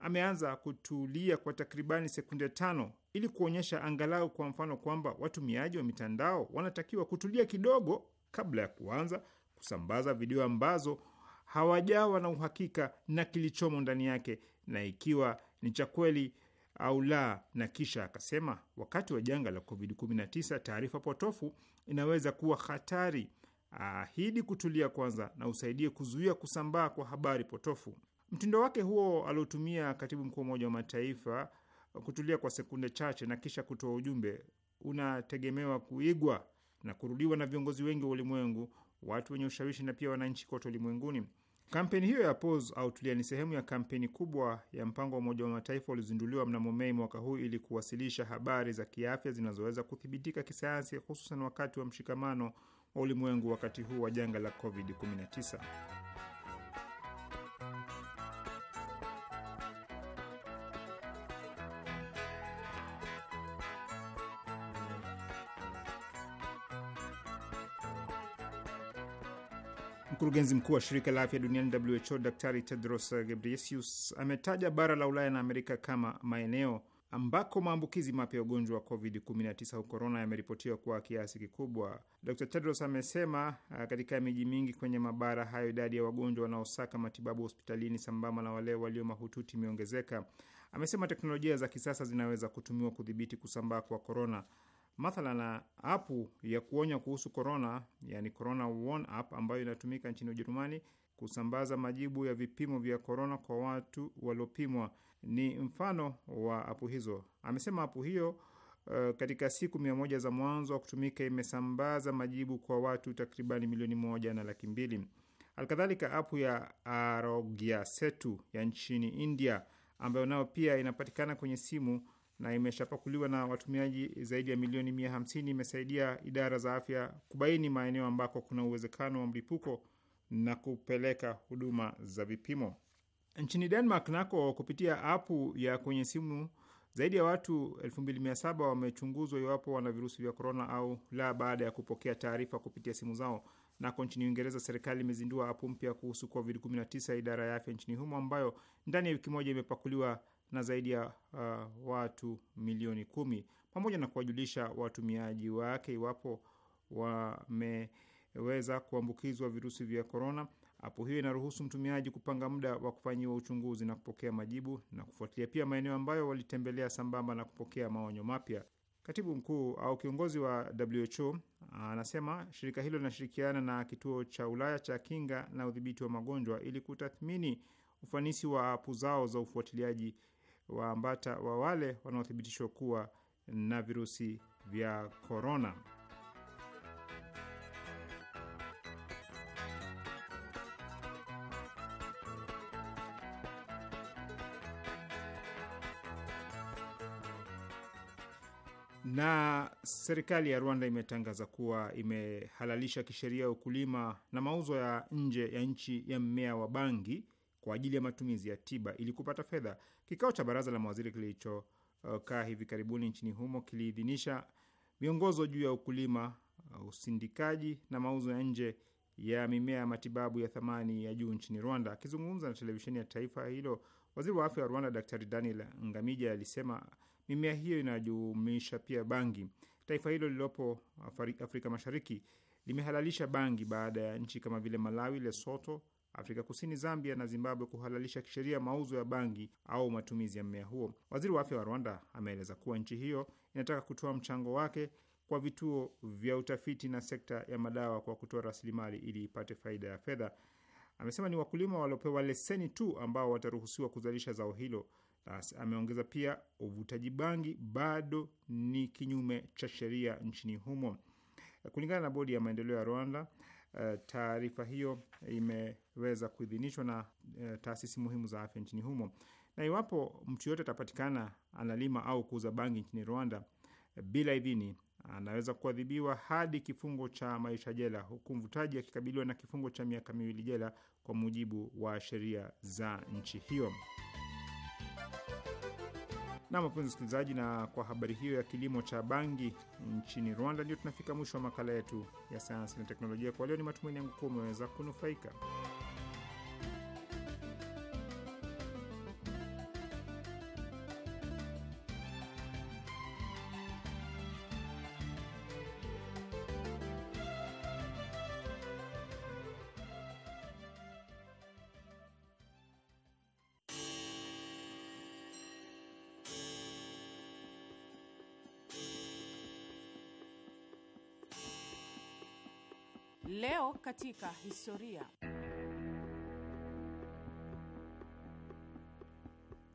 ameanza kutulia kwa takribani sekunde tano ili kuonyesha angalau kwa mfano kwamba watumiaji wa mitandao wanatakiwa kutulia kidogo kabla ya kuanza kusambaza video ambazo hawajawa na uhakika na kilichomo ndani yake na ikiwa ni cha kweli au la, na kisha akasema, wakati wa janga la COVID-19 taarifa potofu inaweza kuwa hatari. Ahidi kutulia kwanza na usaidie kuzuia kusambaa kwa habari potofu. Mtindo wake huo aliotumia katibu mkuu wa Umoja wa Mataifa, uh, kutulia kwa sekunde chache na kisha kutoa ujumbe, unategemewa kuigwa na kurudiwa na viongozi wengi wa ulimwengu, watu wenye ushawishi na pia wananchi kote ulimwenguni. Kampeni hiyo ya Pause au tulia ni sehemu ya kampeni kubwa ya mpango wa Umoja wa Mataifa uliozinduliwa mnamo Mei mwaka huu ili kuwasilisha habari za kiafya zinazoweza kuthibitika kisayansi, hususan wakati wa mshikamano wa ulimwengu wakati huu wa janga la COVID-19. Mkurugenzi mkuu wa shirika la afya duniani WHO Daktari Tedros Ghebreyesus ametaja bara la Ulaya na Amerika kama maeneo ambako maambukizi mapya ya ugonjwa wa COVID-19 au korona yameripotiwa kwa kiasi kikubwa. Dr Tedros amesema uh, katika miji mingi kwenye mabara hayo idadi ya wagonjwa wanaosaka matibabu hospitalini sambamba na wale walio mahututi imeongezeka. Amesema teknolojia za kisasa zinaweza kutumiwa kudhibiti kusambaa kwa korona na apu ya kuonya kuhusu corona, yani corona warn app, ambayo inatumika nchini Ujerumani kusambaza majibu ya vipimo vya corona kwa watu waliopimwa ni mfano wa apu hizo. Amesema apu hiyo uh, katika siku mia moja za mwanzo wa kutumika imesambaza majibu kwa watu takribani milioni moja na laki mbili. Halikadhalika, apu ya Arogya Setu ya nchini India ambayo nayo pia inapatikana kwenye simu na imeshapakuliwa na watumiaji zaidi ya milioni mia hamsini imesaidia idara za afya kubaini maeneo ambako kuna uwezekano wa mlipuko na kupeleka huduma za vipimo. Nchini Denmark nako, kupitia apu ya kwenye simu, zaidi ya watu 2700 wamechunguzwa iwapo wana virusi vya korona au la, baada ya kupokea taarifa kupitia simu zao. Nako nchini Uingereza, serikali imezindua apu mpya kuhusu COVID-19 idara ya afya nchini humo, ambayo ndani ya wiki moja imepakuliwa na zaidi ya uh, watu milioni kumi pamoja na kuwajulisha watumiaji wake iwapo wameweza kuambukizwa virusi vya korona. hapo hiyo inaruhusu mtumiaji kupanga muda wa kufanyiwa uchunguzi na kupokea majibu na kufuatilia pia maeneo ambayo walitembelea sambamba na kupokea maonyo mapya. Katibu mkuu au kiongozi wa WHO anasema shirika hilo linashirikiana na kituo cha Ulaya cha kinga na udhibiti wa magonjwa ili kutathmini ufanisi wa apu zao za ufuatiliaji waambata wa wale wanaothibitishwa kuwa na virusi vya korona. Na serikali ya Rwanda imetangaza kuwa imehalalisha kisheria ukulima na mauzo ya nje ya nchi ya mmea wa bangi kwa ajili ya matumizi ya tiba ili kupata fedha. Kikao cha baraza la mawaziri kilichokaa hivi karibuni nchini humo kiliidhinisha miongozo juu ya ukulima, uh, usindikaji na mauzo ya nje ya mimea ya matibabu ya thamani ya juu nchini Rwanda. Akizungumza na televisheni ya taifa hilo, waziri wa afya wa Rwanda dr Daniel Ngamija alisema mimea hiyo inajumuisha pia bangi. Taifa hilo lililopo Afrika Mashariki limehalalisha bangi baada ya nchi kama vile Malawi, Lesoto, Afrika Kusini, Zambia na Zimbabwe kuhalalisha kisheria mauzo ya bangi au matumizi ya mmea huo. Waziri wa afya wa Rwanda ameeleza kuwa nchi hiyo inataka kutoa mchango wake kwa vituo vya utafiti na sekta ya madawa kwa kutoa rasilimali ili ipate faida ya fedha. Amesema ni wakulima waliopewa leseni tu ambao wataruhusiwa kuzalisha zao hilo. Ameongeza pia uvutaji bangi bado ni kinyume cha sheria nchini humo. Kulingana na bodi ya maendeleo ya Rwanda, Eh, taarifa hiyo imeweza kuidhinishwa na eh, taasisi muhimu za afya nchini humo. Na iwapo mtu yoyote atapatikana analima au kuuza bangi nchini Rwanda eh, bila idhini, anaweza kuadhibiwa hadi kifungo cha maisha jela, huku mvutaji akikabiliwa na kifungo cha miaka miwili jela, kwa mujibu wa sheria za nchi hiyo. Na mapenzi msikilizaji, na kwa habari hiyo ya kilimo cha bangi nchini Rwanda, ndio tunafika mwisho wa makala yetu ya sayansi na teknolojia kwa leo. Ni matumaini yangu kuwa umeweza kunufaika. katika historia.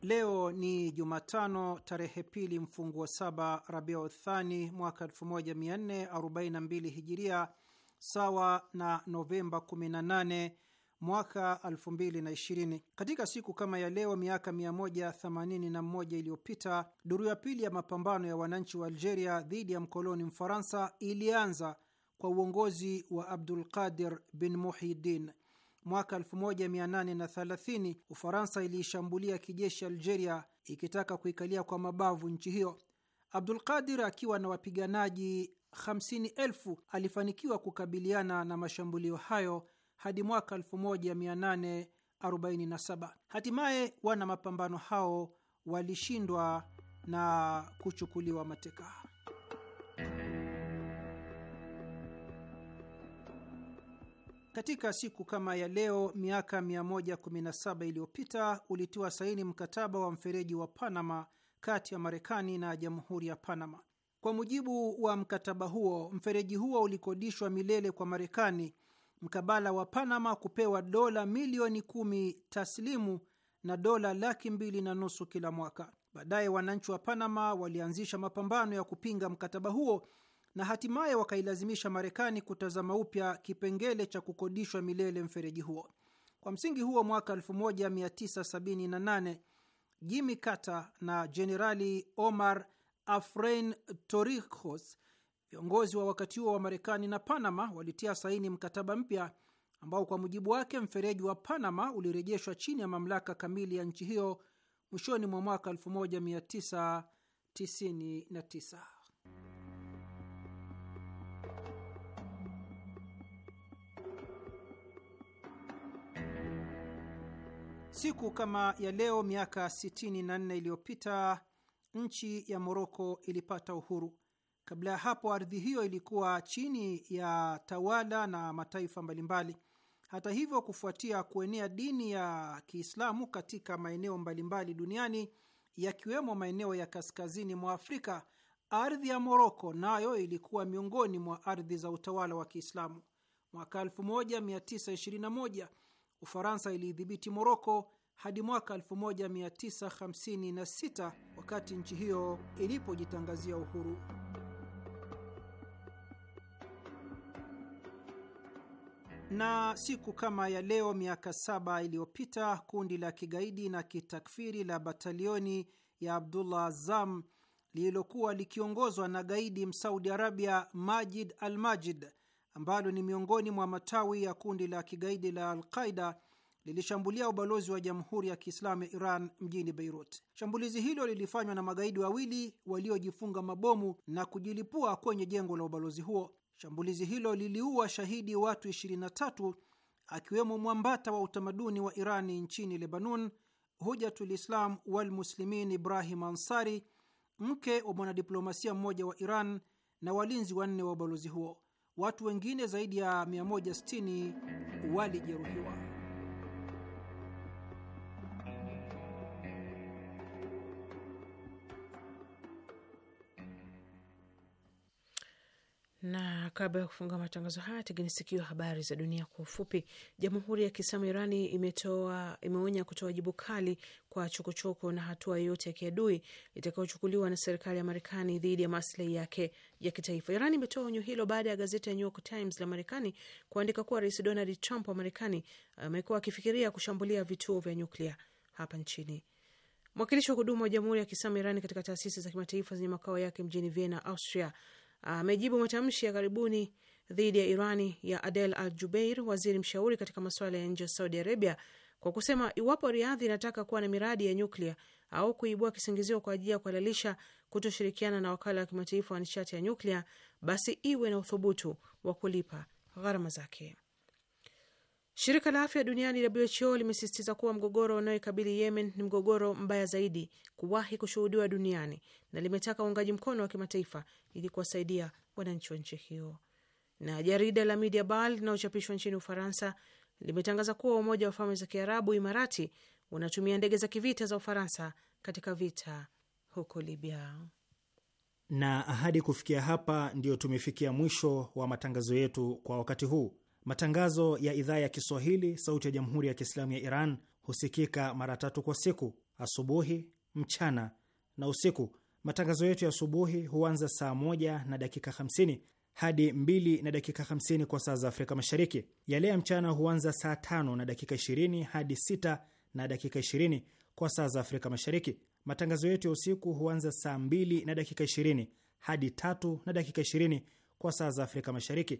Leo ni Jumatano, tarehe pili mfunguo saba Rabiu Thani mwaka 1442 Hijiria, sawa na Novemba 18 mwaka 2020. Katika siku kama ya leo miaka 181 iliyopita, duru ya pili ya mapambano ya wananchi wa Algeria dhidi ya mkoloni Mfaransa ilianza kwa uongozi wa abdul qadir bin Muhyiddin. Mwaka 1830 Ufaransa iliishambulia kijeshi Algeria ikitaka kuikalia kwa mabavu nchi hiyo. Abdulqadir akiwa na wapiganaji 50,000 alifanikiwa kukabiliana na mashambulio hayo hadi mwaka 1847. Hatimaye wana mapambano hao walishindwa na kuchukuliwa mateka. Katika siku kama ya leo miaka 117 iliyopita ulitiwa saini mkataba wa mfereji wa Panama kati ya Marekani na jamhuri ya Panama. Kwa mujibu wa mkataba huo, mfereji huo ulikodishwa milele kwa Marekani mkabala wa Panama kupewa dola milioni kumi taslimu na dola laki mbili na nusu kila mwaka. Baadaye wananchi wa Panama walianzisha mapambano ya kupinga mkataba huo na hatimaye wakailazimisha Marekani kutazama upya kipengele cha kukodishwa milele mfereji huo. Kwa msingi huo, mwaka 1978 Jimmy Carter na Jenerali Omar Afrein Torrijos, viongozi wa wakati huo wa Marekani na Panama, walitia saini mkataba mpya ambao kwa mujibu wake mfereji wa Panama ulirejeshwa chini ya mamlaka kamili ya nchi hiyo mwishoni mwa mwaka 1999. Siku kama ya leo miaka 64 iliyopita nchi ya Moroko ilipata uhuru. Kabla ya hapo, ardhi hiyo ilikuwa chini ya tawala na mataifa mbalimbali. Hata hivyo, kufuatia kuenea dini ya Kiislamu katika maeneo mbalimbali duniani yakiwemo maeneo ya kaskazini mwa Afrika, ardhi ya Moroko nayo ilikuwa miongoni mwa ardhi za utawala wa Kiislamu. Mwaka 1921 Ufaransa iliidhibiti Moroko hadi mwaka 1956 wakati nchi hiyo ilipojitangazia uhuru. Na siku kama ya leo miaka saba iliyopita kundi la kigaidi na kitakfiri la batalioni ya Abdullah Azam lililokuwa likiongozwa na gaidi Msaudi Arabia Majid Al Majid ambalo ni miongoni mwa matawi ya kundi la kigaidi la Alqaida lilishambulia ubalozi wa Jamhuri ya Kiislamu ya Iran mjini Beirut. Shambulizi hilo lilifanywa na magaidi wawili waliojifunga mabomu na kujilipua kwenye jengo la ubalozi huo. Shambulizi hilo liliua shahidi watu 23 akiwemo mwambata wa utamaduni wa Irani nchini Lebanon, Hujatul Islam wal Muslimin Ibrahim Ansari, mke wa mwanadiplomasia mmoja wa Iran na walinzi wanne wa ubalozi huo watu wengine zaidi ya 160 walijeruhiwa. na kabla ya kufunga matangazo haya, tegeni sikio habari za dunia kwa ufupi. Jamhuri ya Kiislamu Irani imetoa imeonya kutoa jibu kali kwa chokochoko na hatua yoyote ya kiadui itakayochukuliwa na serikali ya Marekani dhidi ya maslahi yake ya kitaifa. Irani imetoa onyo hilo baada ya gazeti ya New York Times la Marekani kuandika kuwa Rais Donald Trump wa Marekani eh, amekuwa akifikiria kushambulia vituo vya nyuklia hapa nchini. Mwakilishi wa kudumu wa Jamhuri ya Kiislamu Irani katika taasisi za kimataifa zenye makao yake mjini Vienna, Austria amejibu matamshi ya karibuni dhidi ya Irani ya Adel Al Jubeir, waziri mshauri katika masuala ya nje ya Saudi Arabia, kwa kusema iwapo Riadhi inataka kuwa na miradi ya nyuklia au kuibua kisingizio kwa ajili ya kuhalalisha kutoshirikiana na wakala wa kimataifa wa nishati ya nyuklia, basi iwe na uthubutu wa kulipa gharama zake. Shirika la afya duniani WHO limesisitiza kuwa mgogoro unaoikabili Yemen ni mgogoro mbaya zaidi kuwahi kushuhudiwa duniani na limetaka uungaji mkono wa kimataifa ili kuwasaidia wananchi wa nchi hiyo. Na jarida la ba linalochapishwa nchini Ufaransa limetangaza kuwa Umoja wa Falme za Kiarabu, Imarati, unatumia ndege za kivita za Ufaransa katika vita huko Libya. Na hadi kufikia hapa, ndiyo tumefikia mwisho wa matangazo yetu kwa wakati huu. Matangazo ya idhaa ya Kiswahili sauti ya Jamhuri ya Kiislamu ya Iran husikika mara tatu kwa siku: asubuhi, mchana na usiku. Matangazo yetu ya asubuhi huanza saa moja na dakika hamsini hadi mbili na dakika hamsini kwa saa za Afrika Mashariki. Yale ya mchana huanza saa tano na dakika ishirini hadi sita na dakika ishirini kwa saa za Afrika Mashariki. Matangazo yetu ya usiku huanza saa mbili na dakika ishirini hadi tatu na dakika ishirini kwa saa za Afrika Mashariki.